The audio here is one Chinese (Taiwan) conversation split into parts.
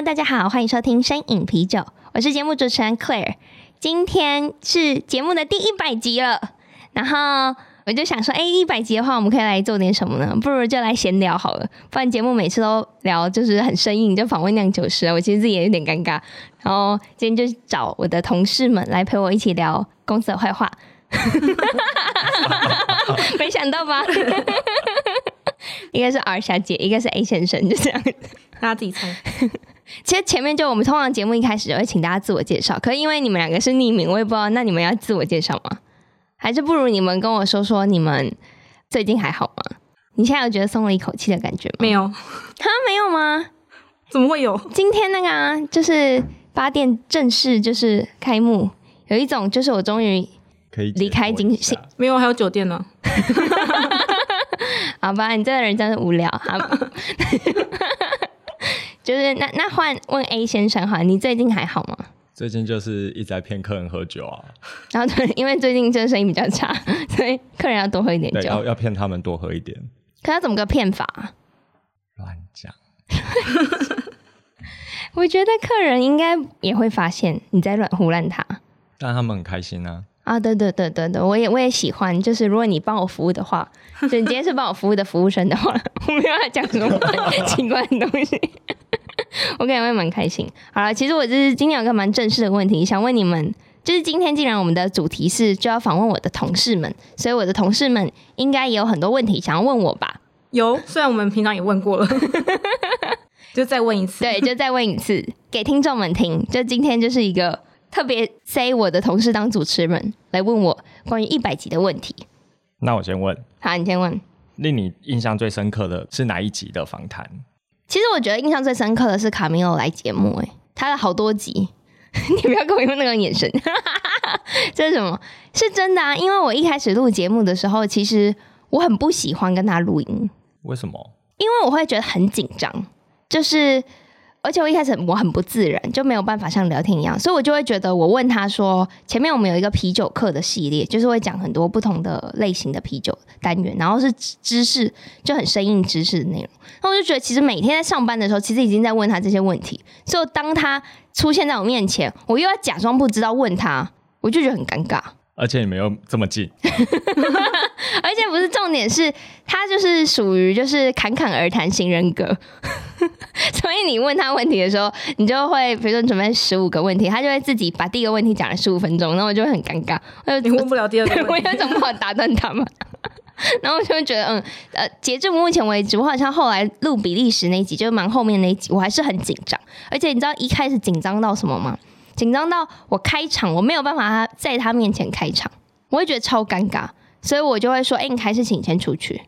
大家好，歡迎收聽《聲飲啤酒》，我是節目主持人 Claire。今天是節目的第一百集了，然後我就想說，哎，一百集的話，我們可以來做點什麼呢？不如就來閒聊好了，不然節目每次都聊就是很生硬，就訪問釀酒師，我其實自己也有點尷尬。然後今天就找我的同事們來陪我一起聊公司的壞話， 沒想到吧？ 一個是 R 小姐，一個是 A 先生，就這樣。大家自己猜。 其實前面就我們通常，節目一開始就會請大家自我介紹，可是因為你們兩個是匿名，我也不知道，那你們要自我介紹嗎？還是不如你們跟我說說你們最近還好嗎？你現在有覺得鬆了一口氣的感覺嗎？沒有，哈，沒有嗎？怎麼會有？今天那個啊，就是八點正式就是開幕，有一種就是我終於可以離開金信，行沒有，還有酒店呢、啊。 好吧，你這個人真是無聊。好，啊、 就是那那換問 A 先生好，你最近還好嗎？最近就是一直在騙客人喝酒啊。然後對，因為最近真的生意比較差，所以客人要多喝一點酒，要要騙他們多喝一點。可他怎麼個騙法，啊？亂講亂講。 我覺得客人應該也會發現你在亂胡亂他，但他們很開心啊。啊，對對對對對，我也我也喜歡。就是如果你幫我服務的話， 就你今天是幫我服務的服務生的話，我沒有要講什麼奇怪的東西。 okay, 我感覺蠻開心。好了，其實我就是今天有個蠻正式的問題想問你們，就是今天既然我們的主題是就要訪問我的同事們，所以我的同事們應該也有很多問題想要問我吧？有，雖然我們平常也問過了， 就再問一次，對，就再問一次給聽眾們聽。就今天就是一個。特別塞我的同事當主持人，來問我關於一百集的問題。那我先問。好、啊，你先問。令你印象最深刻的是哪一集的訪談？其實我覺得印象最深刻的是卡米歐來節目哎、欸，他的好多集， 你不要跟我用那個眼神， 這是什麼？是真的啊，因為我一開始錄節目的時候，其實我很不喜歡跟他錄音。為什麼？因為我會覺得很緊張，就是。而且我一開始我很不自然，就沒有辦法像聊天一樣，所以我就會覺得我問他說，前面我們有一個啤酒課的系列，就是會講很多不同的類型的啤酒單元，然後是知識就很生硬知識的內容。那我就覺得其實每天在上班的時候，其實已經在問他這些問題。所以當他出現在我面前，我又要假裝不知道問他，我就覺得很尷尬。而且也沒有這麼近， 而且不是重點是，他就是屬於就是侃侃而談型人格。所以你問他問題的時候，你就會比如說你準備十五個問題，他就會自己把第一個問題講了十五分鐘，然後我就會很尷尬，我你問不了第二個問題，我又怎麼不好打斷他嘛？ 然後我就會覺得，嗯，呃，截至目前為止，我好像後來錄比利時那一集，就是蠻後面那一集，我還是很緊張。而且你知道一開始緊張到什麼嗎？緊張到我開場，我沒有辦法在他面前開場，我會覺得超尷尬，所以我就會說，哎、欸，你還是請你先出去。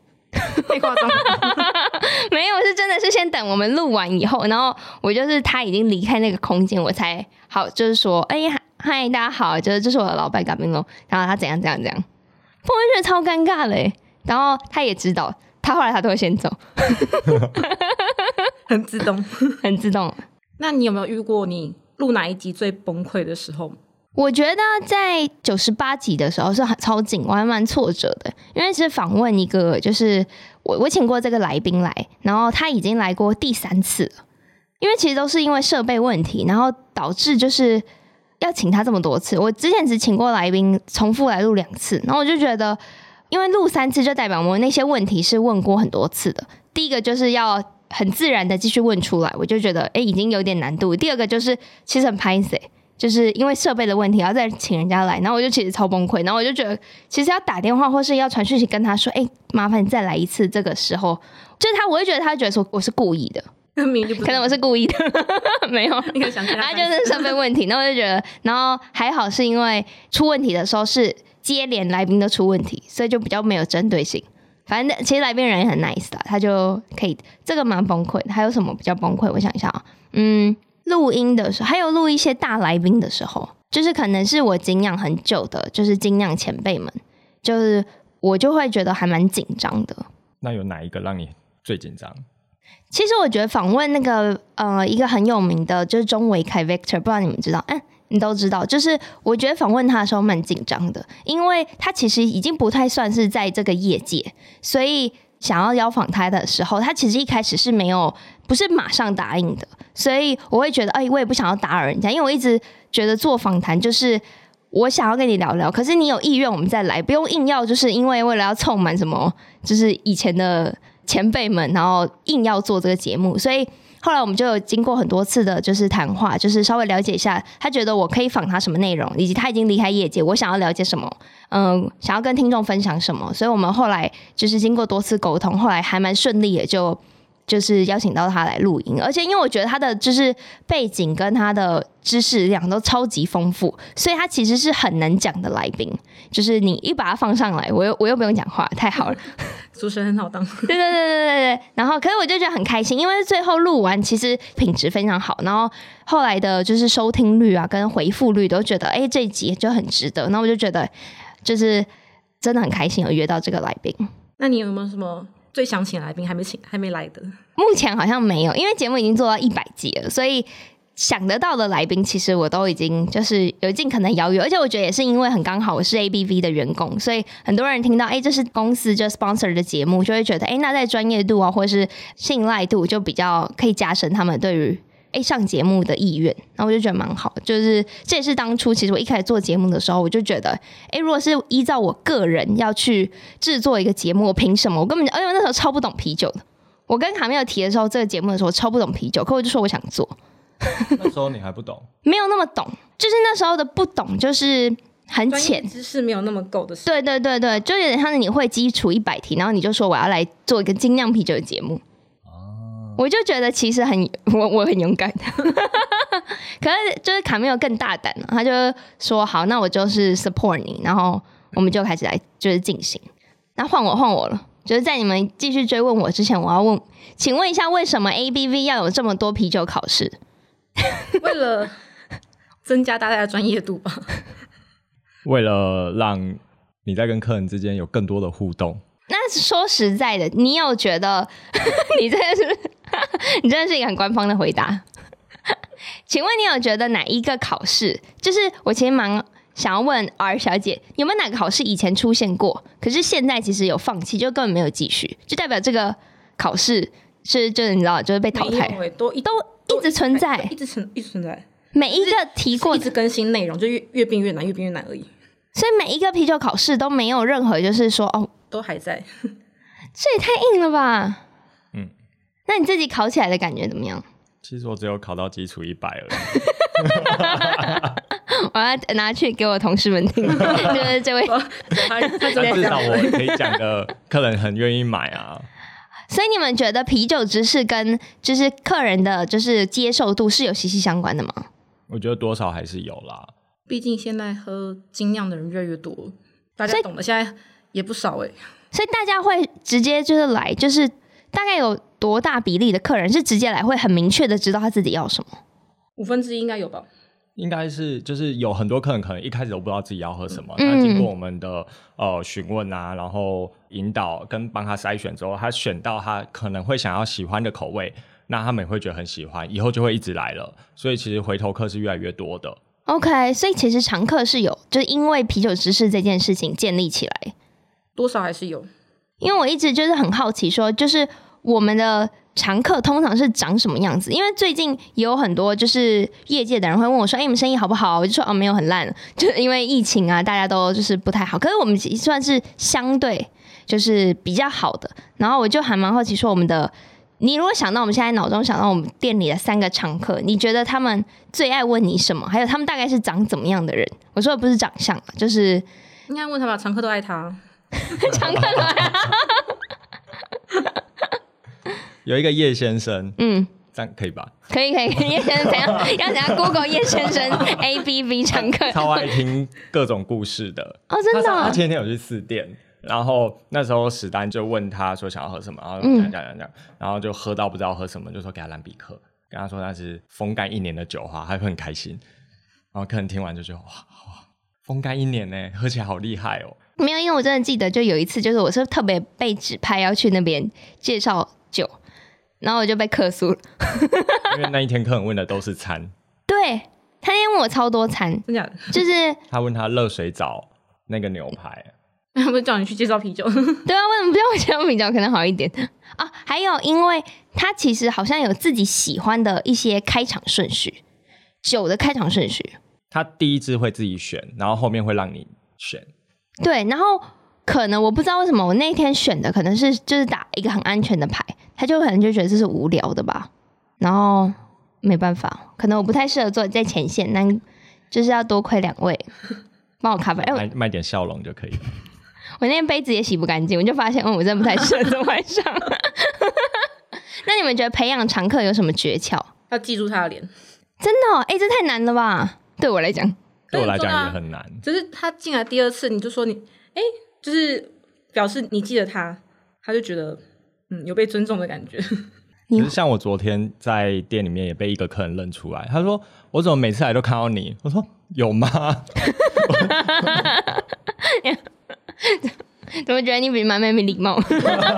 沒誇張，沒有，是真的是先等我們錄完以後，然後我就是他已經離開那個空間，我才好就是說，哎、欸、呀，嗨，大家好，就是這、就是我的老板賈冰龍，然後他怎樣怎樣怎樣，不會全超尷尬嘞。然後他也知道，他後來他都會先走， 很自動， 很自動。 那你有沒有遇過你錄哪一集最崩潰的時候？我覺得在九十八集的時候是很超緊，我還蠻挫折的，因為是訪問一個，就是我我請過這個來賓來，然後他已經來過第三次了，因為其實都是因為設備問題，然後導致就是要請他這麼多次。我之前只請過來賓重複來錄兩次，然後我就覺得，因為錄三次就代表我們那些問題是問過很多次的。第一個就是要很自然的繼續問出來，我就覺得誒、欸、已經有點難度。第二個就是其實很拍謝、欸。就是因為設備的問題，要再請人家來，然後我就其實超崩潰，然後我就覺得其實要打電話或是要傳訊息跟他說，哎、欸，麻煩你再來一次。這個時候，就他，我就覺得他覺得說我是故意的，明明就不知道，可能我是故意的， 沒有。就想他然後就是設備問題，然後我就覺得，然後還好是因為出問題的時候是接連來賓都出問題，所以就比較沒有針對性。反正其實來賓人也很 nice 的，他就可以。這個蠻崩潰。還有什麼比較崩潰？我想一下啊，嗯。錄音的時候，還有錄一些大來賓的時候，就是可能是我敬仰很久的，就是敬仰前輩們，就是我就會覺得還蠻緊張的。那有哪一個讓你最緊張？其實我覺得訪問那個呃一個很有名的，就是中維凱 Victor，不知道你們知道？嗯，你都知道。就是我覺得訪問他的時候蠻緊張的，因為他其實已經不太算是在這個業界，所以想要邀訪他的時候，他其實一開始是沒有。不是馬上答應的，所以我會覺得，哎，我也不想要打擾人家，因為我一直覺得做訪談就是我想要跟你聊聊，可是你有意願我們再來，不用硬要，就是因為為了要湊滿什麼，就是以前的前輩們，然後硬要做這個節目，所以後來我們就有經過很多次的，就是談話，就是稍微了解一下，他覺得我可以訪他什麼內容，以及他已經離開業界，我想要了解什麼，嗯，想要跟聽眾分享什麼，所以我們後來就是經過多次溝通，後來還蠻順利也就。就是邀請到他來錄音，而且因為我覺得他的就是背景跟他的知識量都超級豐富，所以他其實是很能講的來賓。就是你一把他放上來，我又我又不用講話，太好了， 主持人很好當。對對對對對對。然後，可是我就覺得很開心，因為最後錄完其實品質非常好，然後後來的就是收聽率啊跟回覆率都覺得，哎、欸，這一集就很值得。那我就覺得就是真的很開心，有約到這個來賓。那你有沒有什麼？最想請的來賓還沒請，還沒來的。目前好像沒有，因為節目已經做到一百集了，所以想得到的來賓，其實我都已經就是有盡可能邀約。而且我覺得也是因為很剛好我是 ABV 的員工，所以很多人聽到哎、欸，這是公司就 sponsor 的節目，就會覺得哎、欸，那在專業度啊，或是信賴度就比較可以加深他們對於。哎，上節目的意願，然後我就覺得蠻好。就是這也是當初，其實我一開始做節目的時候，我就覺得，哎，如果是依照我個人要去制作一個節目，我憑什麼？我根本就，而、哎、那時候超不懂啤酒的。我跟卡米爾提的時候，這個節目的時候，超不懂啤酒，可我就說我想做。那時候你還不懂， 沒有那麼懂，就是那時候的不懂，就是很淺，知識沒有那麼夠的。對對對對，就有點像是你會基礎一百題，然後你就說我要來做一個精釀啤酒的節目。我就覺得其實很我我很勇敢的， 可是就是卡梅有更大膽了，他就說好，那我就是 support 你，然後我們就開始來就是進行。那換我換我了，就是在你們繼續追問我之前，我要問，請問一下，為什麼 ABV 要有這麼多啤酒考試？ 為了增加大家的專業度吧。為了讓你在跟客人之間有更多的互動。那說實在的，你有覺得 你這是？ 你真的是一個很官方的回答。 請問你有覺得哪一個考試？就是我其實蠻想要問 R 小姐，有沒有哪個考試以前出現過，可是現在其實有放棄，就根本沒有繼續，就代表這個考試是就是你知道就是被淘汰，欸、都一都一直存在，一直存一,一,一直存在。每一個提過，一直更新內容，就越越變越難，越變越難而已。所以每一個啤酒考試都沒有任何就是說哦，都還在，這 也太硬了吧。那你自己考起來的感覺怎麼樣？其實我只有考到基礎一百而已。 我要拿去給我同事們聽， 就是這位，他、啊、 至少我可以講的客人很願意買啊。所以你們覺得啤酒知識跟就是客人的就是接受度是有息息相關的嗎？我覺得多少還是有啦。畢竟現在喝精釀的人越來越多，大家懂得現在也不少哎、欸。所以大家會直接就是來，就是大概有。多大比例的客人是直接來會很明確的知道他自己要什麼？五分之一應該有吧？應該是就是有很多客人可能一開始都不知道自己要喝什麼，那、嗯嗯嗯、經過我們的呃詢問啊，然後引導跟幫他篩選之後，他選到他可能會想要喜歡的口味，那他們也會覺得很喜歡，以後就會一直來了。所以其實回頭客是越來越多的。OK，所以其實常客是有，嗯、就是因為啤酒知識這件事情建立起來，多少還是有。因為我一直就是很好奇說，就是。我們的常客通常是長什麼樣子？因為最近有很多就是業界的人會問我說：“哎、欸，你們生意好不好？”我就說：“哦、啊，沒有，很爛，就因為疫情啊，大家都就是不太好。可是我們算是相對就是比較好的。”然後我就還蠻好奇說：“我們的，你如果想到我們現在腦中想到我們店裡的三個常客，你覺得他們最愛問你什麼？還有他們大概是長怎麼樣的人？”我說的不是長相、啊，就是應該問他吧，常客都愛他、啊， 常客。” 有一個葉先生，嗯，這樣可以吧？可以可以，葉先生，怎樣？要等下 Google 葉先生 ABV 常客，超愛聽各種故事的哦，真的、哦。他前天有去四店，然後那時候史丹就問他說想要喝什麼，然後講講講，嗯、然後就喝到不知道喝什麼，就說給他蘭比克。跟他說那是風乾一年的酒花，他會很開心。然後客人聽完就說哇，風乾一年呢，喝起來好厲害哦。沒有，因為我真的記得就有一次，就是我是特別被指派要去那邊介紹酒。然後我就被客訴了，因為那一天客人問的都是餐 對，對他那天問我超多餐，真的就是 他問他熱水澡那個牛排，那不是叫你去介紹啤酒？ 對啊，為什麼不要我介紹啤酒可能好一點。啊，還有，因為他其實好像有自己喜歡的一些開場順序，酒的開場順序，他第一支會自己選，然後後面會讓你選， 對，然後。可能我不知道為什麼我那天選的可能是就是打一個很安全的牌，他就可能就覺得這是無聊的吧。然後沒辦法，可能我不太適合坐在前線，但就是要多虧兩位幫我 cover、欸，賣點笑容就可以了。我那天杯子也洗不乾淨，我就發現我真的不太適合在晚上。 那你們覺得培養常客有什麼訣竅？要記住他的臉，真的哎、喔欸，這太難了吧？對我來講，對我來講也很難。就是他進來第二次，你就說你哎。欸就是表示你記得他，他就覺得嗯，有被尊重的感覺。其實像我昨天在店裡面也被一個客人認出來，他說，我怎麼每次來都看到你？我說有嗎？ 怎麼覺得你比媽咪沒禮貌？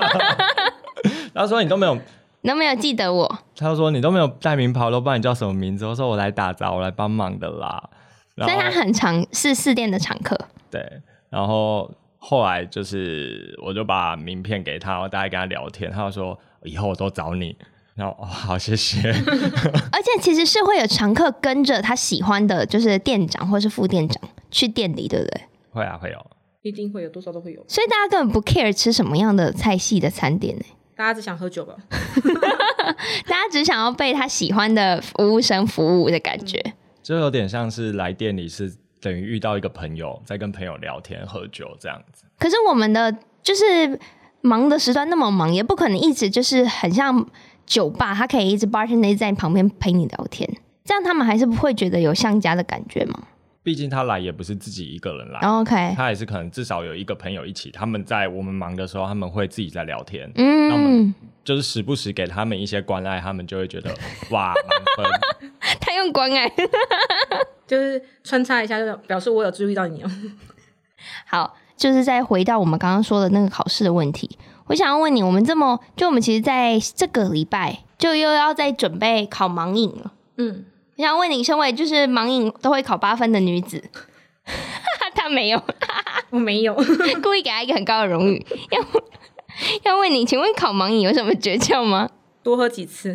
他說你都沒有，都沒有記得我。他說你都沒有戴名牌，都不知道你叫什麼名字。我說我來打雜，我來幫忙的啦。然後所以他很常是四店的常客。對，然後。後來就是，我就把名片給他，我大概跟他聊天，他就說以後我都找你。然後、哦、好，謝謝。 而且其實是會有常客跟着他喜歡的，就是店長或是副店長去店裡，對不對？會啊，會有，一定會有，多少都會有。所以大家根本不 care 吃什麼樣的菜系的餐點呢，欸？大家只想喝酒吧？ 大家只想要被他喜歡的服務生服務的感覺，嗯、就有點像是來店裡是。等於遇到一個朋友，在跟朋友聊天喝酒這樣子。可是我們的就是忙的時段那麼忙，也不可能一直就是很像酒吧，他可以一直 bartender 在你旁邊陪你聊天，這樣他們還是不會覺得有像家的感覺嗎？畢竟他來也不是自己一個人來，OK，他也是可能至少有一個朋友一起。他們在我們忙的時候，他們會自己在聊天，嗯，我們就是時不時給他們一些關愛，他們就會覺得哇，滿分。太 用關愛， 就是穿插一下，就表示我有注意到你。好，就是再回到我們剛剛說的那個考試的問題，我想要問你，我們這麼就我們其實在這個禮拜就又要再準備考盲影了，嗯。想要問你，身為就是盲飲都會考八分的女子，她 沒有，我沒有 故意給她一個很高的榮譽。 要問要問你，請問考盲飲有什麼訣竅嗎？多喝幾次。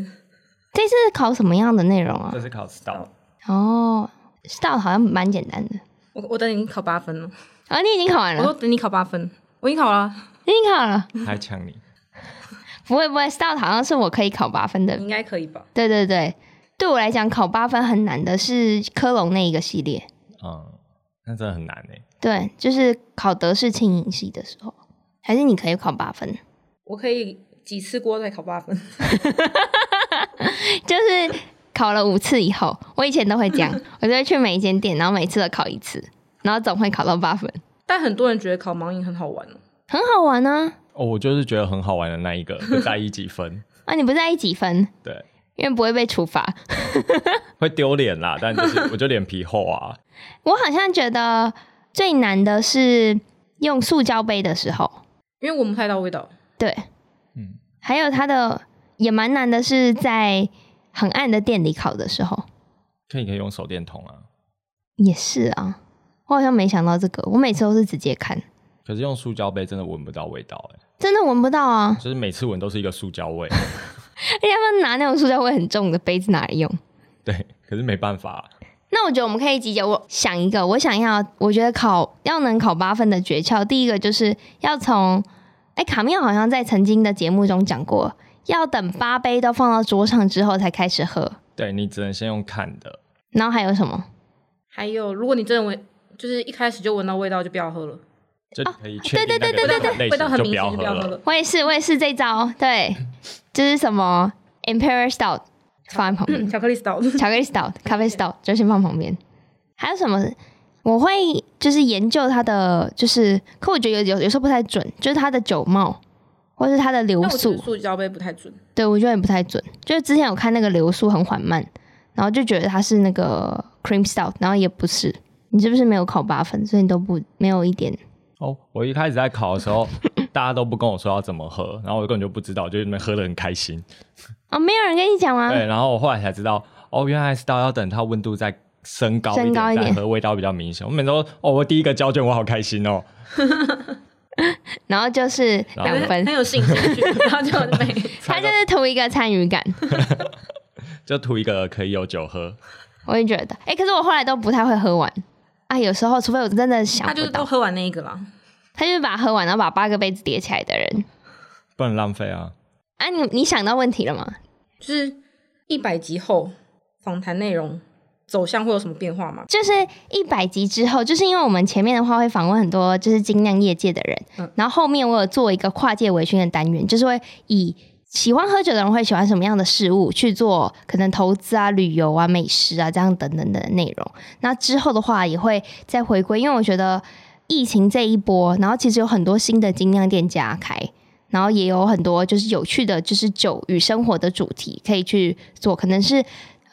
這次考什麼樣的內容啊？這是考 Stout 哦 Stout 好像蠻簡單的。我我等你考八分了啊！Oh, 你已經考完了。我等你考八分，我已經考了，我已經考了，還搶你？ 不會不會 Stout 好像是我可以考八分的，應該可以吧？對對對。對我來講，考八分很難的是科隆那一個系列。嗯，那真的很難呢、欸。對，就是考德式輕盈系的時候，還是你可以考八分？我可以幾次過再考八分？ 就是考了五次以後，我以前都會這樣，我就會去每一間店，然後每次都考一次，然後總會考到八分。但很多人覺得考盲飲很好玩哦、喔，很好玩呢、啊。哦，我就是覺得很好玩的那一個，會在意幾分？ 啊，你不在意幾分？對。因為不會被處罰， 會丟臉啦。 但就是我就臉皮厚啊。 我好像覺得最難的是用塑膠杯的時候，因為聞不太到味道。對，嗯，還有它的也蠻難的是在很暗的店裡考的時候，可以可以用手電筒啊。也是啊，我好像沒想到這個，我每次都是直接看。可是用塑膠杯真的聞不到味道、欸，哎，真的聞不到啊，就是每次聞都是一個塑膠味。 要不要拿那種塑料味很重的杯子拿來用？對，可是沒辦法啊。那我覺得我們可以集結，我想一個我想要，我覺得考要能考八分的訣竅，第一個就是要從，哎、欸，卡米爾好像在曾經的節目中講過，要等八杯都放到桌上之後才開始喝。對，你只能先用看的。然後還有什麼？還有，如果你真的聞，就是一開始就聞到味道就不要喝了。啊、哦！對對對對對對，味道很明顯就不要喝了。我也是，我也是這招。對， 就是什麼 Imperial Stout 放在旁邊、嗯，巧克力 Stout 巧克力 Stout 咖啡 Stout 就先放旁邊。還有什麼？我會就是研究它的，就是可我覺得有有有時候不太準，就是它的酒帽，或是它的流速。流速掛杯不太準。對，我覺得也不太準。就是之前有看那個流速很緩慢，然後就覺得它是那個 cream Stout 然後也不是。你是不是沒有考八分？所以你都不沒有一點。哦，我一開始在考的時候，大家都不跟我說要怎麼喝， 然後我根本就不知道，就那邊喝得很開心。哦，沒有人跟你講嗎？對，然後我後來才知道，哦，原來是到要等它溫度再升高一點，升高一點再喝，味道比較明顯。我每時哦，我第一個交卷，我好開心哦。 然後就是兩分，很有幸福 然後就沒，他就是圖一個參與感， 就圖一個可以有酒喝。我也覺得，哎、欸，可是我後來都不太會喝完。啊，有時候除非我真的想，他就是都喝完那一個了。他就是把它喝完，然後把八個杯子疊起來的人，不能浪費啊！哎、啊，你你想到問題了嗎？就是一百集後訪談內容走向會有什麼變化嗎？就是一百集之後，就是因為我們前面的話會訪問很多就是精釀業界的人，然後後面我有做一個跨界培訓的單元，就是會以。喜歡喝酒的人會喜歡什麼樣的事物，去做可能投資啊、旅遊啊、美食啊這樣等等的內容。那之後的話也會再回歸，因為我覺得疫情這一波，然後其實有很多新的精釀店加開，然後也有很多就是有趣的就是酒與生活的主題可以去做，可能是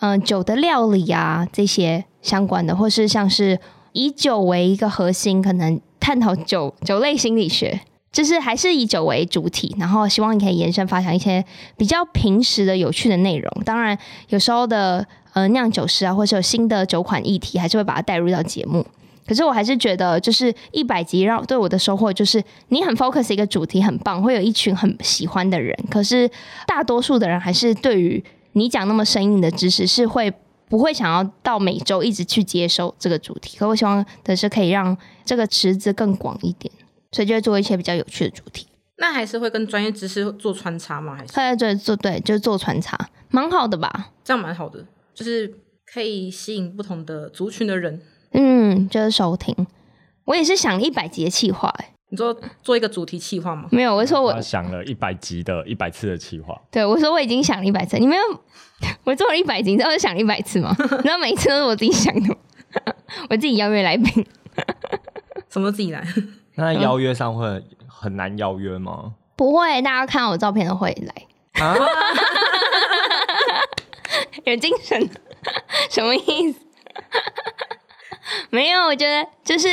嗯、呃、酒的料理啊這些相關的，或是像是以酒為一個核心，可能探討酒酒類心理學。就是還是以酒為主體，然後希望你可以延伸發想一些比較平時的有趣的內容。當然，有時候的呃釀酒師啊，或是有新的酒款議題，還是會把它帶入到節目。可是我還是覺得，就是一百集讓對我的收穫就是，你很 focus 一個主題很棒，會有一群很喜歡的人。可是大多數的人還是對於你講那麼生硬的知識，是會不會想要到每周一直去接收這個主題？可我希望的是可以讓這個池子更廣一點。所以就會做一些比較有趣的主題，那還是會跟專業知識做穿插嗎？還是在做做對，就是做穿插，蠻好的吧？這樣蠻好的，就是可以吸引不同的族群的人。嗯，就是收聽。我也是想了一百集的企劃、欸，哎，你說做一個主題企劃嗎？沒有，我說我，我想了一百集的一百次的企劃。對，我說我已經想了一百次，你沒有？我做了一百集，那我想了一百次嗎？你知道每一次都是我自己想的， 我自己邀約來賓， 什麼都自己來？那邀約上會很難邀約嗎？嗯、不會，大家看到我的照片都會來。啊、 有精神？什麼意思？沒有，我覺得就是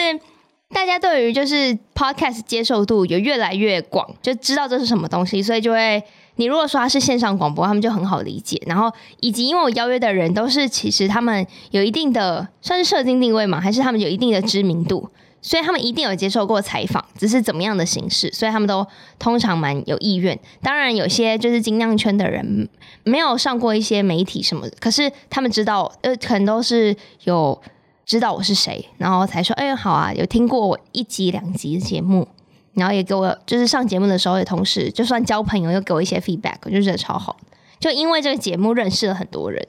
大家對於就是 podcast 接受度有越來越廣，就知道這是什麼東西，所以就會你如果說他是線上廣播，他們就很好理解。然後，以及因為我邀約的人都是其實他們有一定的算是社經定位嘛，還是他們有一定的知名度。所以他們一定有接受過採訪，只是怎麼樣的形式。所以他們都通常蠻有意願。當然，有些就是精釀圈的人沒有上過一些媒體什麼的，可是他們知道，呃，可能都是有知道我是誰，然後才說，哎、欸，好啊，有聽過我一集兩集的節目，然後也給我就是上節目的時候也同時就算交朋友，又給我一些 feedback，就覺得超好。就因為這個節目認識了很多人。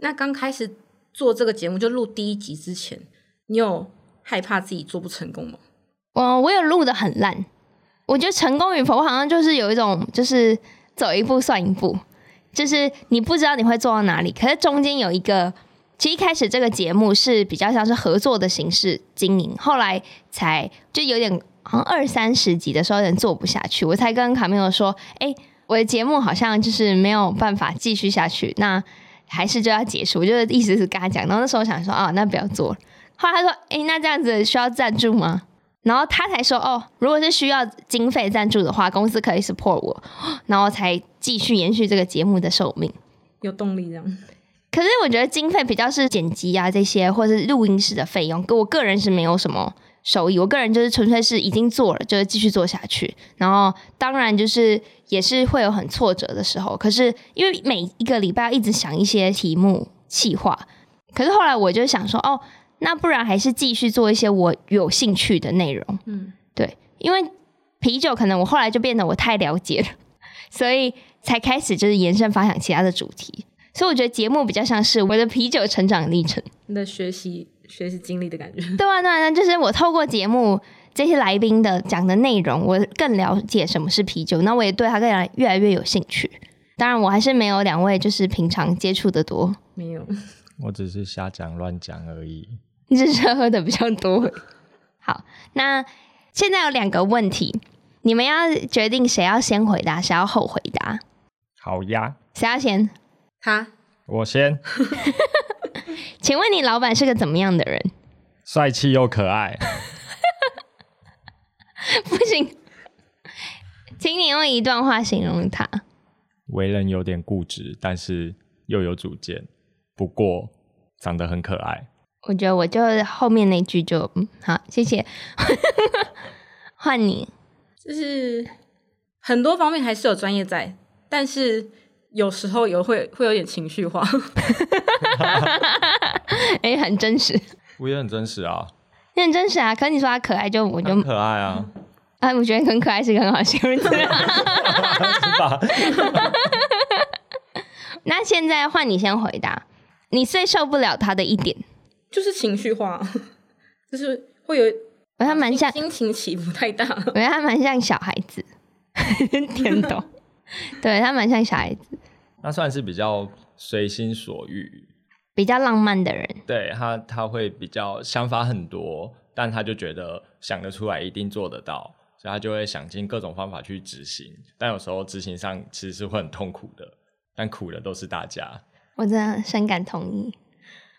那剛開始做這個節目就錄第一集之前，你有？害怕自己做不成功嗎？嗯，我有錄得很爛。我覺得成功與否好像就是有一種，就是走一步算一步，就是你不知道你會做到哪裡。可是中間有一個，其實一開始這個節目是比較像是合作的形式經營，後來才就有點，好像二三十集的時候有點做不下去，我才跟卡米爾說：“哎、欸，我的節目好像就是沒有辦法繼續下去，那還是就要結束。”我就一意思是跟他講，然後那時候想說：“啊，那不要做了。”後來他說：“誒、欸、那這樣子需要贊助嗎？”然後他才說：“哦，如果是需要經費贊助的話，公司可以 support 我。”然後我才繼續延續這個節目的壽命，有動力這樣。可是我覺得經費比較是剪輯啊這些，或是錄音室的費用。我個人是沒有什麼收益，我個人就是純粹是已經做了，就是繼續做下去。然後當然就是也是會有很挫折的時候。可是因為每一個禮拜要一直想一些題目計劃，可是後來我就想說：“哦。”那不然還是繼續做一些我有興趣的內容。嗯，對，因為啤酒可能我後來就變得我太了解了，所以才開始就是延伸發展其他的主題。所以我覺得節目比較像是我的啤酒成長歷程，你的學習學習經歷的感覺。對啊，對啊，就是我透過節目這些來賓的講的內容，我更了解什麼是啤酒，那我也對他越來越來越有興趣。當然，我還是沒有兩位就是平常接觸的多，沒有，我只是瞎講亂講而已。你只是喝的比較多。好，那現在有兩個問題，你們要決定誰要先回答，誰要後回答。好呀，誰要先？他哈。我先。 請問你老板是個怎麼樣的人？帥氣又可愛。 不行，請你用一段話形容他。為人有點固執，但是又有主見，不過長得很可愛。我覺得我就後面那句就好，謝謝。換 你，就是很多方面還是有專業在，但是有時候有會會有點情緒化。哎、 欸，很真實。我也很真實啊，很真實啊。可你說他可愛就，就我就可愛啊。哎、嗯啊，我覺得很可愛是個很好的形容詞，是吧？那現在換你先回答，你最受不了他的一點。就是情緒化呵呵，就是會有，我覺得蠻像心情起伏太大。我覺得他蠻像小孩子，天懂。對，他蠻像小孩子，他算是比較隨心所欲，比較浪漫的人。對他，他會比較想法很多，但他就覺得想得出來一定做得到，所以他就會想盡各種方法去執行。但有時候執行上其實是會很痛苦的，但苦的都是大家。我真的深感同意。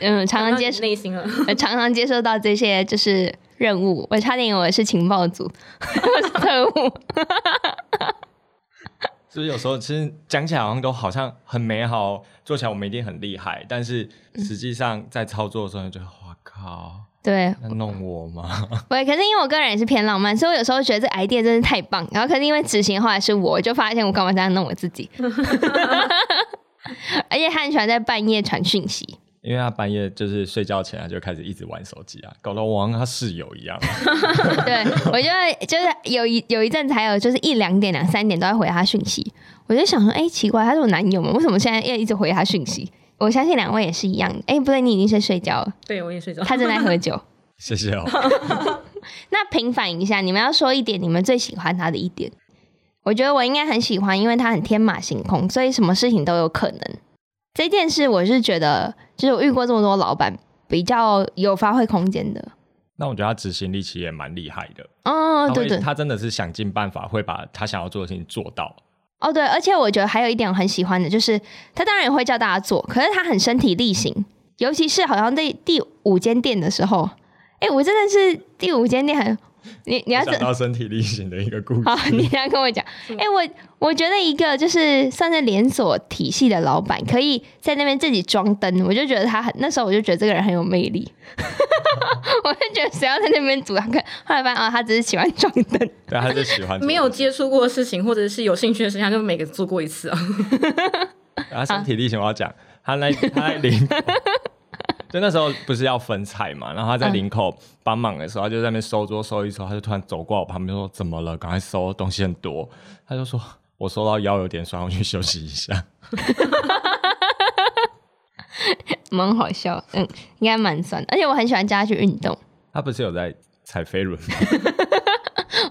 嗯，常常接受內心了， 常常接受到這些就是任務。我差點以為是情報組，我 是特務。所 以有時候其實講起來好像都好像很美好，做起來我們一定很厲害。但是實際上在操作的時候，覺得、嗯、哇靠，對，弄我嗎？喂， 可是因為我個人也是偏浪漫，所以我有時候覺得這 idea 真是太棒，然後可是因為執行，後來是我就發現我幹嘛這樣弄我自己。 而且他很喜歡在半夜傳訊息，因為他半夜就是睡覺前他就開始一直玩手機啊，搞得，我跟他室友一樣、啊。 對，我就就是有一有一陣子，還有就是一兩點、兩三點都要回他訊息，我就想說，哎、欸，奇怪，他是我男友嗎？為什麼現在要一直回他訊息？我相信兩位也是一樣的。哎、欸，不對，你已經睡睡覺了，對，我也睡覺，他正在喝酒。 謝謝哦。 那平反一下，你們要說一點你們最喜歡他的一點。我覺得我應該很喜歡，因為他很天馬行空，所以什麼事情都有可能。這件事我是覺得，就是我遇過這麼多老闆，比較有發揮空間的。那我覺得他執行力其實也蠻厲害的。哦，對對他，他真的是想盡辦法，會把他想要做的事情做到。哦，對，而且我覺得還有一點我很喜歡的，就是他當然也會叫大家做，可是他很身體力行，尤其是好像在第，第五間店的時候，哎，我真的是第五間店很。你你要講到身體力行的一個故事，你來跟我講。哎是、欸，我我覺得一個就是算是連鎖體系的老闆，可以在那邊自己裝燈，我就覺得他很。那時候我就覺得這個人很有魅力。 我就覺得誰要在那邊阻擋。後來發現、哦、他只是喜歡裝燈。對，他就喜歡。沒有接觸過事情，或者是有興趣的事情，他就每個做過一次啊。然 後、 啊、身體力行，我要講他來，他來。 就那時候不是要分菜嘛，然後他在林口幫忙的時候，嗯、他就在那收桌收一收，他就突然走過來我旁邊說：“怎麼了？趕快收東西很多。”他就說：“我收到腰有點酸，我去休息一下。”蠻 好笑，嗯，應該蠻酸的。而且我很喜歡加去運動、嗯。他不是有在踩飛輪？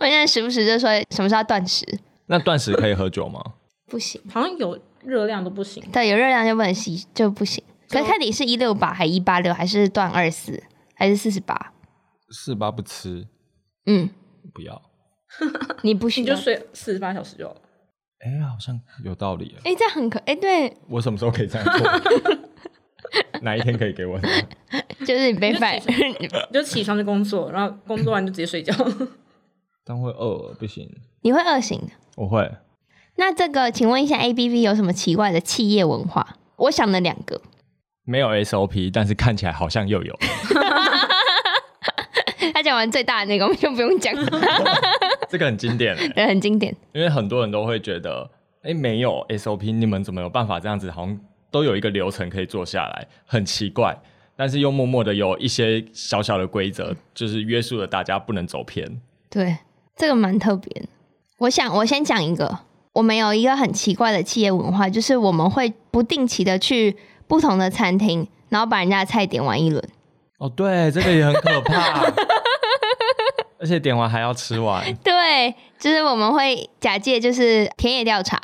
我現在時不時就說什麼時候要斷食。那斷食可以喝酒嗎？不行，好像有熱量都不行。對，有熱量就不能吸，就不行。可看你是一六八，還一八六，還是斷二四，還是四十八？四八不吃，嗯，不要， 你不信就睡四十八小時就好了。哎、欸，好像有道理。哎、欸，這樣很可哎、欸，對，我什麼時候可以這樣做？ 哪一天可以給我？就是你被反，你就起床 就起床工作，然後工作完就直接睡覺。 但會餓，不行。你會餓醒的。我會。那這個，請問一下，ABV 有什麼奇怪的企業文化？我想了兩個。沒有 SOP，但是看起來好像又有。 他講完最大的那個，我們就不用講。 這個很經典、欸，對，很經典。因為很多人都會覺得，哎、欸，沒有 SOP，你們怎麼有辦法這樣子？好像都有一個流程可以做下來，很奇怪，但是又默默的有一些小小的規則，就是約束了大家不能走偏。對，這個蠻特別。我想，我先講一個。我們有一個很奇怪的企業文化，就是我們會不定期的去。不同的餐廳，然後把人家的菜點完一輪。哦，對，這個也很可怕， 而且點完還要吃完。對，就是我們會假借就是田野調查，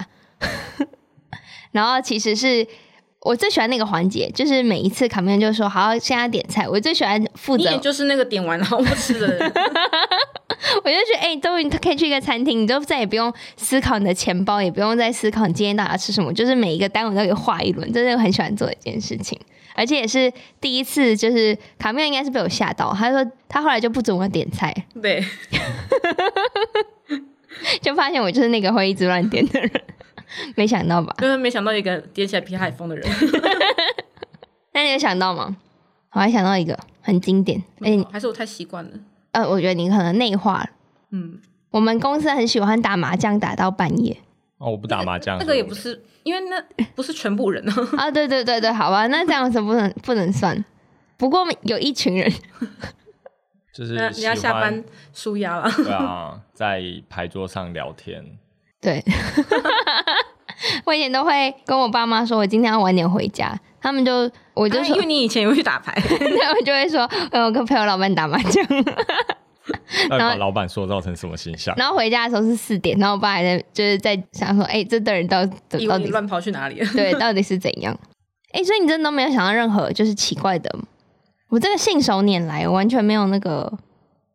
然後其實是我最喜歡那個環節，就是每一次卡片就說好，現在點菜。我最喜歡負責，就是那個點完然後不吃的人。 我就覺得，哎、欸，終於可以去一個餐廳，你都再也不用思考你的錢包，也不用再思考你今天到底要吃什麼。就是每一個單位都給畫一輪，真的很喜歡做一件事情，而且也是第一次。就是卡妙應該是被我嚇到，他說他後來就不准我點菜，對， 就發現我就是那個會一直亂點的人，沒想到吧？就是沒想到一個點起來皮海風的人。 那你有想到嗎？我還想到一個很經典，哎好，且還是我太習慣了。呃，我覺得你可能內化了。嗯，我們公司很喜歡打麻將，打到半夜。哦，我不打麻將。那個也不是，因為那不是全部人哦、啊。 啊，對對對對，好吧，那這樣子不能 不能算。不過有一群人，就是你要下班紓壓了。 對啊，在牌桌上聊天。對， 我以前都會跟我爸媽說，我今天要晚點回家。他們就，我就，因為你以前有去打牌， 他們就會說，嗯、我跟朋友老闆打麻將，然後把老闆塑造成什麼形象？ 然後回家的時候是四點，然後我爸還在就是在想說，哎、欸，這的人到底到底亂跑去哪裡了？對，到底是怎樣？哎、 欸，所以你真的都沒有想到任何就是奇怪的，我真的信手拈來，我完全沒有那個。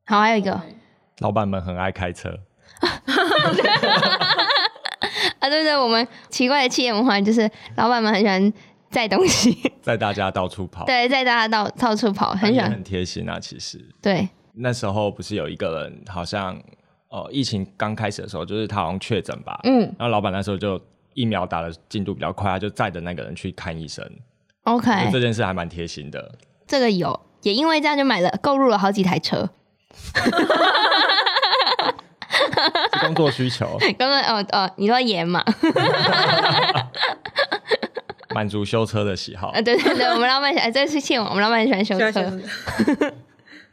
好，還有一個，老闆們很愛開車。 啊，對，對對，我們奇怪的企業文化就是老闆們很喜歡。載載東西 ，載大家到處跑。對，載大家到到處跑，很很貼心啊。其實，對，那時候不是有一個人，好像、呃、疫情剛開始的時候，就是他好像確診吧。嗯，然後老板那時候就疫苗打的進度比較快，他就載着那個人去看醫生。OK，這件事還蠻貼心的。這個有，也因為這樣就買了購入了好幾台車。 是工作需求。工作哦哦，你說嚴嘛？ 滿足修車的喜好啊！對對對，我們老闆喜、 欸、這是我們老闆很喜歡修車。哎、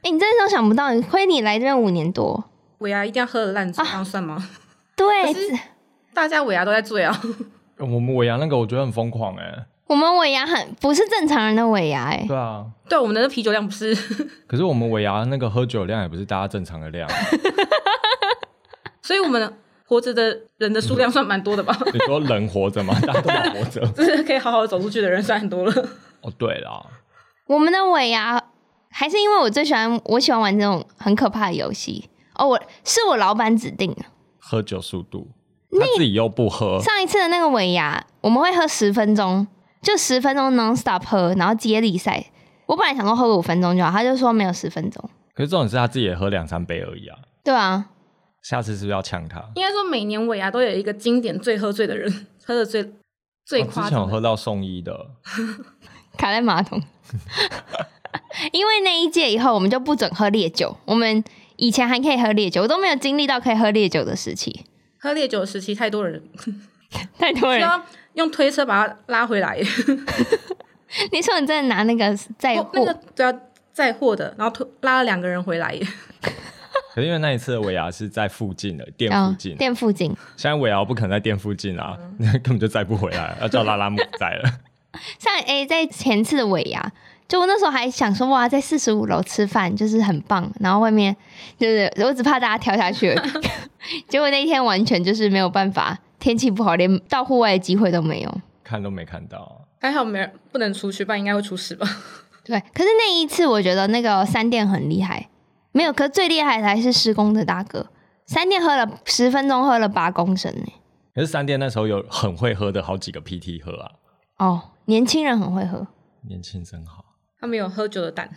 欸，你真的想不到，虧你來這邊五年多。尾牙一定要喝得爛醉，啊、這樣算嗎？對，大家尾牙都在醉啊、嗯。我們尾牙那個我覺得很瘋狂哎、欸。我們尾牙很不是正常人的尾牙哎、欸。對啊，對我們的啤酒量不是，可是我們尾牙那個喝酒量也不是大家正常的量。哈哈哈！所以，我們。活着的人的數量算蠻多的吧？ 你說人活着嗎？大家都活着就 是可以好好的走出去的人算很多了，oh,。哦，對了，我們的尾牙還是因為我最喜歡，我喜歡玩這種很可怕的遊戲哦。Oh, 我是我老闆指定喝酒速度，他自己又不喝。上一次的那個尾牙，我們會喝十分鐘，就十分鐘 non stop 喝，然後接力賽。我本來想說喝五分鐘就好，他就說沒有十分鐘。可是這種事他自己也喝兩三杯而已啊。對啊。下次是不是要嗆他？應該說每年尾牙，啊、都有一個經典最喝醉的人，喝得最最的最最誇張，啊、喝到送醫的， 卡在馬桶。 因為那一屆以後我們就不准喝烈酒，我們以前還可以喝烈酒，我都沒有經歷到可以喝烈酒的時期。喝烈酒的時期太多人， 太多人，要用推車把他拉回來。 你說你在拿那個載貨，對啊、哦，載、那、貨、個、的，然後推拉了兩個人回來耶。 可是因為那一次的尾牙是在附近的店附近，哦，店附近。現在尾牙不可能在店附近啊，嗯、根本就載不回來了，要叫拉拉姆載了。像誒、欸，在前次的尾牙，就我那時候還想說哇，在四十五樓吃飯就是很棒，然後外面就是我只怕大家跳下去。 結果那一天完全就是沒有辦法，天氣不好，連到戶外的機會都沒有，看都沒看到。還好沒不能出去，不然應該會出事吧。 對，可是那一次我覺得那個三店很厲害。沒有，可是最厲害的還是施工的大哥，三店喝了十分鐘，喝了八公升呢。可是三店那時候有很會喝的好幾個 PT 喝啊。哦，年輕人很會喝。年輕真好。他們有喝酒的膽，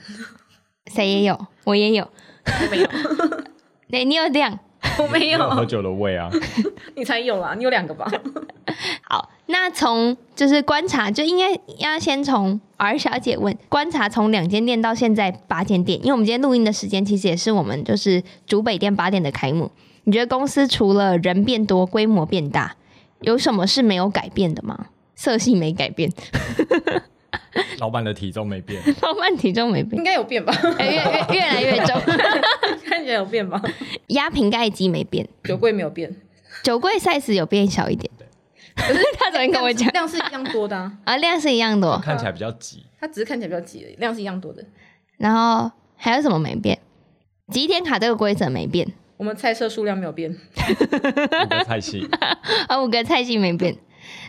誰也有，我也有，沒有。那 你要這樣。我沒有， 沒有喝酒的味啊， 你才有啊，你有兩個吧？ 好，那從就是觀察，就應該要先從 R 小姐問觀察，從兩間店到現在八間店，因為我們今天錄音的時間其實也是我們就是竹北店八店的開幕。你覺得公司除了人變多、規模變大，有什麼是沒有改變的嗎？色系沒改變。 老板的體重沒變，老板體重沒變，應該有變吧？越來越重，看起來有變吧？壓瓶蓋機沒變，酒櫃沒有變，酒櫃 size 有變小一點。對。可是他昨天跟我講，量是一樣多的啊，量是一樣多，看起來比較擠，他只是看起來比較擠而已，量是一樣多的。然後還有什麼沒變？吉天卡這個規則沒變，我們菜色數量沒有變，五個菜系啊，五個菜系沒變。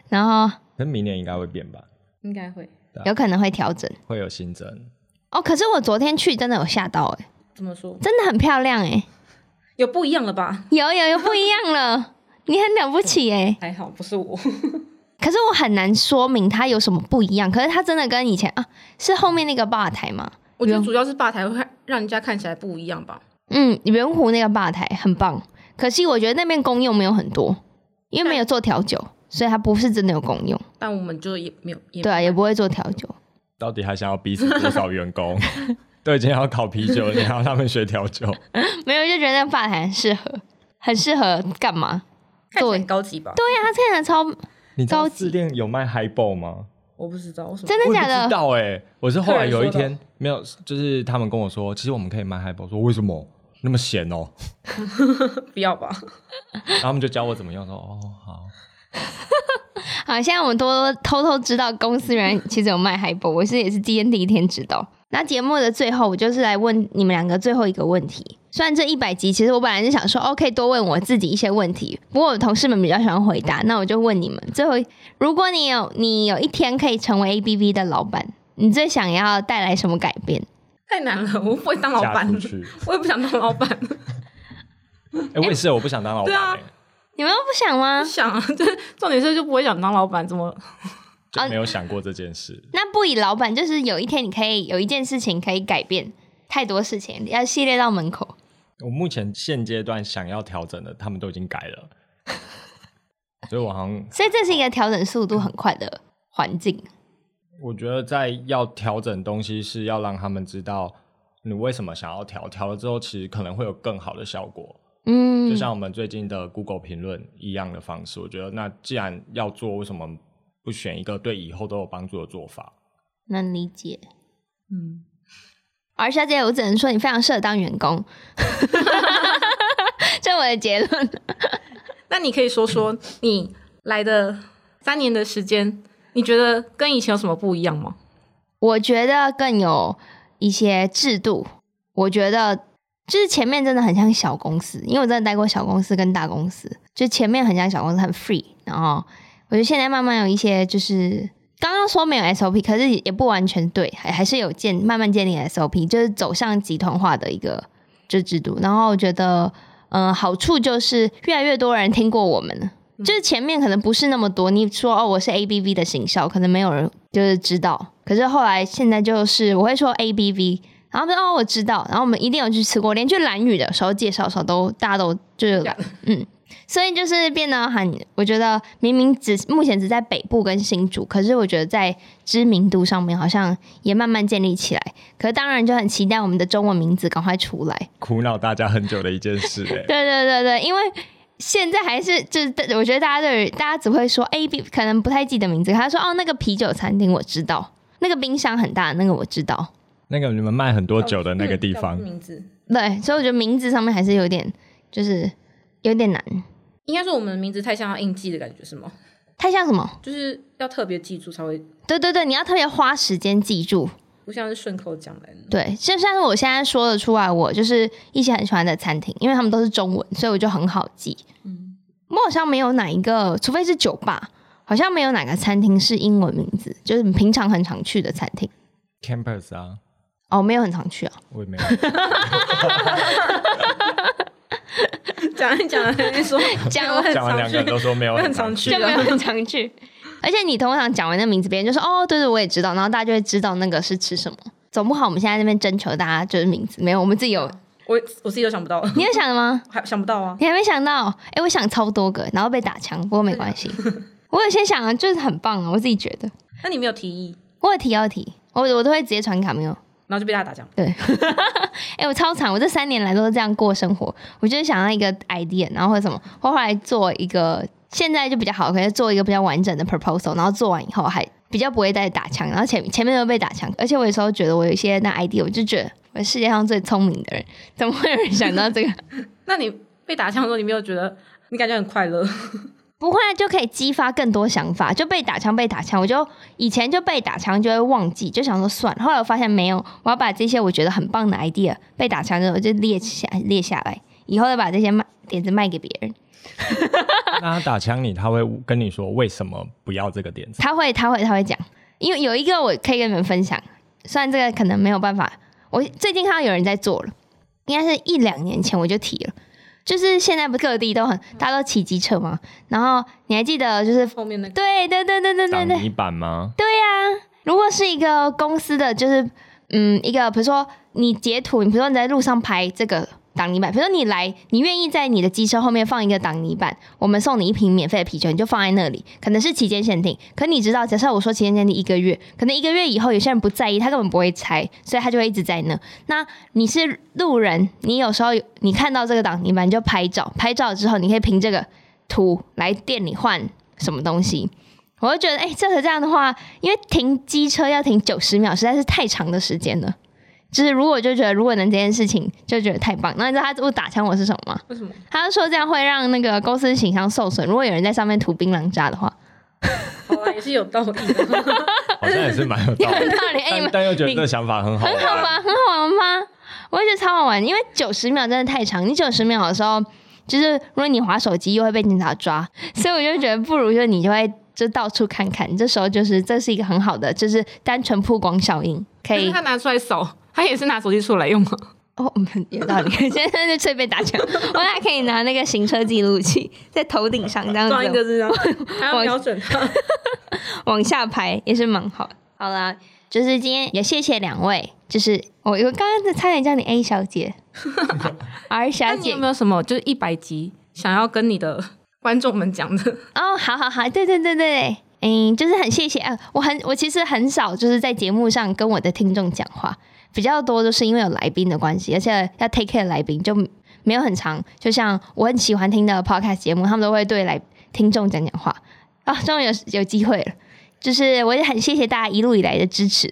然後，可能明年應該會變吧，應該會。有可能會調整，會有新增哦。可是我昨天去真的有嚇到哎、欸，怎麼說？真的很漂亮哎、欸，有不一樣了吧？有有有不一樣了， 你很了不起哎、欸。還好不是我， 可是我很難說明它有什麼不一樣。可是它真的跟以前啊，是後面那個吧台嘛？我覺得主要是吧台會讓人家看起來不一樣吧。嗯，圓弧那個吧台很棒，可惜我覺得那邊功用沒有很多，因為沒有做調酒。所以他不是真的有功用，但我們就也沒有也對啊，也不會做調酒。到底還想要逼死多少員工？ 對，今天要考啤酒，還要他們學調酒， 沒有就覺得飯很適合，很適合幹嘛？對很高級吧？對呀、啊，它看起來超高級。你知道店有賣 highball 嗎？我不知道，我真的假的？不知道哎、欸，我是後來有一天沒有，就是他們跟我說，其實我們可以賣 highball 說為什麼那麼閒哦、喔？ 不要吧？ 然後他們就教我怎麼樣說哦好。好，現在我們多，多偷偷知道公司原來其實有賣海報 我是也是今天第一天知道。那節目的最後，我就是來問你們兩個最後一個問題。雖然這一百集，其實我本來是想說，OK，、哦、多問我自己一些問題。不過我同事們比較喜歡回答，嗯、那我就問你們最後：如果你有，你有一天可以成為 ABV 的老板，你最想要帶來什麼改變？太難了，我不會當老板， 我也不想當老板。哎、 欸，我也是，欸、我不想當老板、欸。你們都不想嗎？想，就重點是，做女生就不會想當老闆，怎麼就沒有想過這件事？哦、那不以老闆，就是有一天你可以有一件事情可以改變太多事情，要系列到門口。我目前現階段想要調整的，他們都已經改了， 所以我好像，所以這是一個調整速度很快的環境、嗯。我覺得在要調整東西，是要讓他們知道你為什麼想要調，調了之後其實可能會有更好的效果。嗯，就像我們最近的 Google 評論一樣的方式，我覺得那既然要做，為什麼不選一個對以後都有幫助的做法？能理解，嗯。而小姐，我只能說你非常適合當員工，這是我的結論。那你可以說說你來的三年的時間，你覺得跟以前有什麼不一樣嗎？我覺得更有一些制度，我覺得。就是前面真的很像小公司，因為我真的待過小公司跟大公司，就前面很像小公司很 free，然後我覺得現在慢慢有一些就是剛剛說沒有 SOP，可是也不完全對，還還是有建慢慢建立 SOP，就是走向集團化的一個這制度。然後我覺得嗯、呃、好處就是越來越多人聽過我們、嗯、就是前面可能不是那麼多，你說哦我是 ABV 的行銷，可能沒有人就是知道，可是後來現在就是我會說 ABV。然後就哦，我知道。然後我們一定有去吃過，連去蘭嶼的時候介紹的時候都，大家都就是嗯，所以就是變得很，我覺得明明只目前只在北部跟新竹，可是我覺得在知名度上面好像也慢慢建立起來。可是當然就很期待我們的中文名字趕快出來，苦惱大家很久的一件事，欸。哎， 對對對對，因為現在還是就是，我覺得大家的大家只會說 A B，可能不太記得名字。他說哦，那個啤酒餐廳我知道，那個冰箱很大，那個我知道。那個你們賣很多酒的那個地方名字，對，所以我覺得名字上面還是有點，就是有點難。應該說我們的名字太像要硬記的感覺，是嗎？太像什麼？就是要特別記住才會。對對對，你要特別花時間記住，不像是順口講的。對，就像是我現在說的出來，我就是一些很喜歡的餐廳，因為他們都是中文，所以我就很好記。嗯，我好像沒有哪一個，除非是酒吧，好像沒有哪個餐廳是英文名字，就是平常很常去的餐廳。Campus 啊。哦，沒有很常去啊。我也沒有。講完，講完，跟你說，講 完講完，兩個都說沒有，很常去，就沒有很常去。 而且你通常講完那個名字，別人就說：“ 哦，對對，我也知道。”然後大家就會知道那個是吃什麼。總不好，我們現在這邊徵求大家就是名字，沒有，我們自己有。我我自己都想不到。你有想的嗎？ 還想不到啊。你還沒想到？哎、欸，我想超多個，然後被打槍，不過沒關係。 我有先想，就是很棒啊，我自己覺得。那你沒有提議？我有提，要提，我我都會直接傳卡沒有。然後就被他打槍。對，哎、 欸，我超慘，我這三年來都是這樣過生活。我就是想要一個 idea，然後或者什麼，後來做一個，現在就比較好，可以做一個比較完整的 proposal。然後做完以後，還比較不會再打槍。然後前前面都被打槍，而且我有時候覺得我有一些那 idea，我就覺得我是世界上最聰明的人，怎麼會有人想到這個？ 那你被打槍的時候，你沒有覺得你感覺很快樂？ 不會，就可以激發更多想法。就被打槍被打槍，我就以前就被打槍，就會忘記，就想說算了。後來我發現沒有，我要把這些我覺得很棒的 idea 被打槍之後，就列下列下來，以後要把這些賣點子賣給別人。 那他打槍你，他會跟你說為什麼不要這個點子？他會他會他會講，因為有一個我可以跟你們分享，雖然這個可能沒有辦法，我最近看到有人在做了，應該是一兩年前我就提了。就是現在不各地都很，嗯、大家都騎機車嘛，嗯、然後你還記得就是後面的、那個、對對對對對對對板嗎？對呀、啊，如果是一個公司的，就是嗯，一個比如說你截圖，你比如說你在路上拍這個。擋泥板，比如說你來，你願意在你的機車後面放一個擋泥板，我們送你一瓶免費的啤酒，你就放在那裡，可能是期間限定。可你知道，假設我說期間限定一個月，可能一個月以後有些人不在意，他根本不會拆，所以他就會一直在那。那你是路人，你有時候你看到這個擋泥板，你就拍照，拍照之後你可以憑這個圖來店裡換什麼東西。我就覺得，哎、欸，這是這樣的話，因為停機車要停九十秒，實在是太長的時間了。就是如果就覺得如果能這件事情就覺得太棒。那你知道他不打槍我是什麼嗎？為什麼？他就說這樣會讓那個公司的形象受損。如果有人在上面塗檳榔渣的話，好、啊、 也是有道理的。 好像也是蠻有， 有道理。但， 但又覺得這個想法很好，很好玩，很好玩嗎？我也覺得超好玩。因為九十秒真的太長，你九十秒的時候，就是如果你滑手機又會被警察抓，所以我就覺得不如就你就會就到處看看。 這時候就是這是一個很好的，就是單純曝光效應，可以他拿出來手。他也是拿手機出來用嗎？哦，有道理。現 在是吹被打槍， 我還可以拿那個行車記錄器在頭頂上這樣子抓一個這樣， 還要調整它，往下拍也是蠻好。 好啦，就是今天也謝謝兩位。就是我我剛剛差點叫你 A 小姐 ，R 小姐。有沒有什麼就是一百集想要跟你的觀眾們講的？哦， oh, 好好好，對,對對對對，嗯，就是很謝謝啊。我很我其實很少就是在節目上跟我的聽眾講話。比較多都是因為有來賓的關係，而且要 take care 來賓就沒有很長。就像我很喜歡聽的 podcast 節目，他們都會對來聽眾講講話。啊、哦，終於有有機會了！就是我也很謝謝大家一路以來的支持。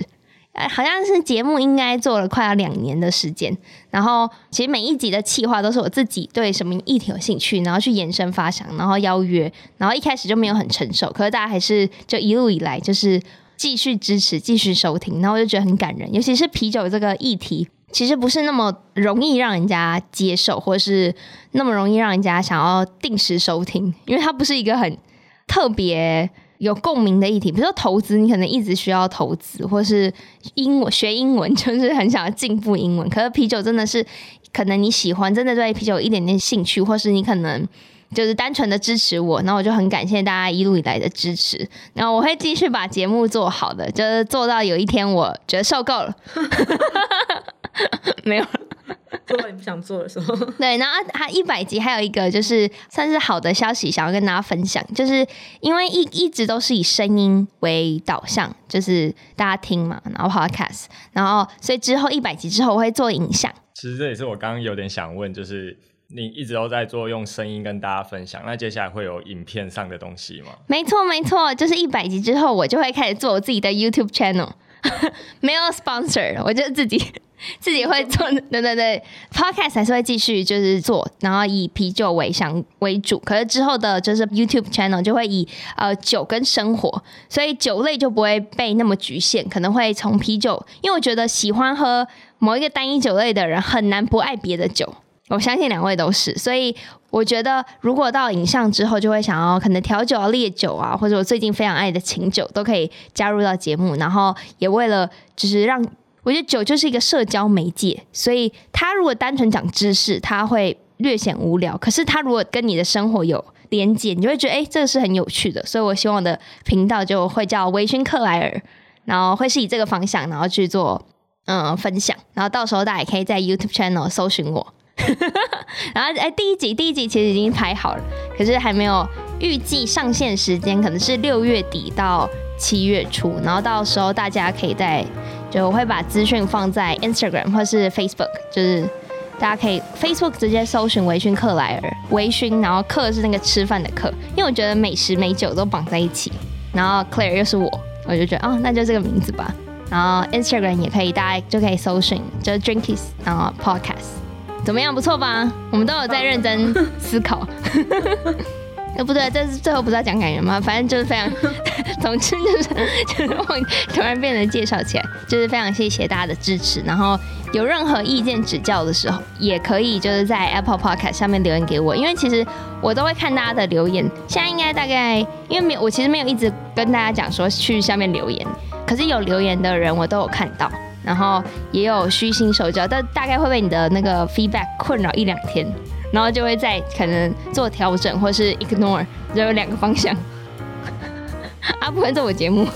好像是節目應該做了快要兩年的時間。然後其實每一集的企劃都是我自己對什麼議題有興趣，然後去延伸發想，然後邀約，然後一開始就沒有很成熟，可是大家還是就一路以來就是。繼續支持，繼續收聽，然後我就覺得很感人。尤其是啤酒這個議題，其實不是那麼容易讓人家接受，或是那麼容易讓人家想要定時收聽，因為它不是一個很特別有共鳴的議題。比如說投資，你可能一直需要投資，或是英文學英文就是很想要進步英文。可是啤酒真的是，可能你喜歡，真的對啤酒有一點點興趣，或是你可能。就是單純的支持我，然後我就很感謝大家一路以來的支持。然後我會繼續把節目做好的，就是做到有一天我覺得受夠了， 沒有了，做到你不想做的時候。對，然後它一百集還有一個就是算是好的消息，想要跟大家分享，就是因為一一直都是以聲音為導向，就是大家聽嘛，然後 Podcast，然後所以之後一百集之後我會做影像。其實這也是我剛剛有點想問，就是。你一直都在做用聲音跟大家分享，那接下來會有影片上的東西嗎？沒錯，沒錯，就是一百集之後，我就會開始做我自己的 YouTube channel， 沒有 sponsor，我就自己自己會做。對對對，Podcast 還是會繼續就是做，然後以啤酒為想為主。可是之後的，就是 YouTube channel 就會以呃酒跟生活，所以酒類就不會被那麼局限，可能會從啤酒，因為我覺得喜歡喝某一個單一酒類的人，很難不愛別的酒。我相信兩位都是，所以我覺得如果到影像之後，就會想要，可能調酒啊、烈酒啊，或者我最近非常愛的琴酒都可以加入到節目，然後也為了就是讓我覺得酒就是一個社交媒介，所以他如果單純講知識，他會略顯無聊；可是他如果跟你的生活有連接，你就會覺得哎、欸，這個是很有趣的。所以我希望我的頻道就會叫微醺嗑萊兒，然後會是以這個方向，然後去做嗯、呃、分享，然後到時候大家也可以在 YouTube channel 搜尋我。 然後，哎，第一集第一集其實已經拍好了，可是還沒有預計上線時間，可能是六月底到七月初。然後到時候大家可以在，就我會把資訊放在 Instagram 或是 Facebook，就是大家可以 Facebook 直接搜尋微醺嗑萊兒，微醺，然後嗑是那個吃飯的嗑，因為我覺得美食美酒都綁在一起，然後 Claire 又是我，我就覺得哦，那就這個名字吧。然後 Instagram 也可以，大家就可以搜尋就是 Drinkies 然後 Podcast。怎麼樣，不錯吧？我們都有在認真思考。哎幫你、 哦，不對，這是最後不知道講感言嗎？反正就是非常，總之就是就是我突然變得介紹起來，就是非常謝謝大家的支持。然後有任何意見指教的時候，也可以就是在 Apple Podcast 下面留言給我，因為其實我都會看大家的留言。現在應該大概，因為沒我其實沒有一直跟大家講說去下面留言，可是有留言的人我都有看到。然後也有虛心受教，但大概會被你的那個 feedback 困擾一兩天，然後就會再可能做調整或是 ignore，就有兩個方向。他、啊、不會做我節目。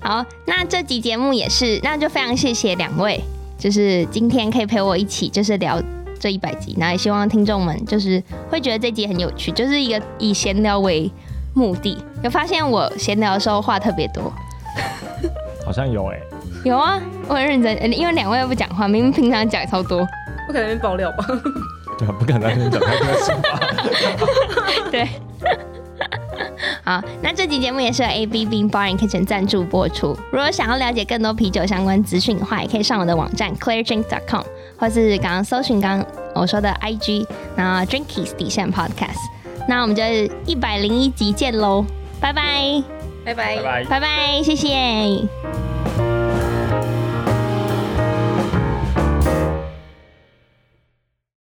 好，那這集節目也是，那就非常謝謝兩位，就是今天可以陪我一起，就是聊這一百集，那也希望聽眾們就是會覺得這集很有趣，就是一個以閒聊為。目的。有發現，我閒聊的時候話特別多，好像有哎、欸，有啊，我很認真，因為兩位又不講話，明明平常講超多，不可能被爆料吧？對，不可能被爆料。 對，好，那這期節目也是由 A B V Bar and Kitchen 贊助播出。如果想要了解更多啤酒相關資訊的話，也可以上我的網站 cleardrink.com 或是剛剛搜尋剛剛我說的 I G，然後 drinkies 底線 podcast。那我們就一百零一集見嘍，拜拜，拜拜，拜拜，謝謝。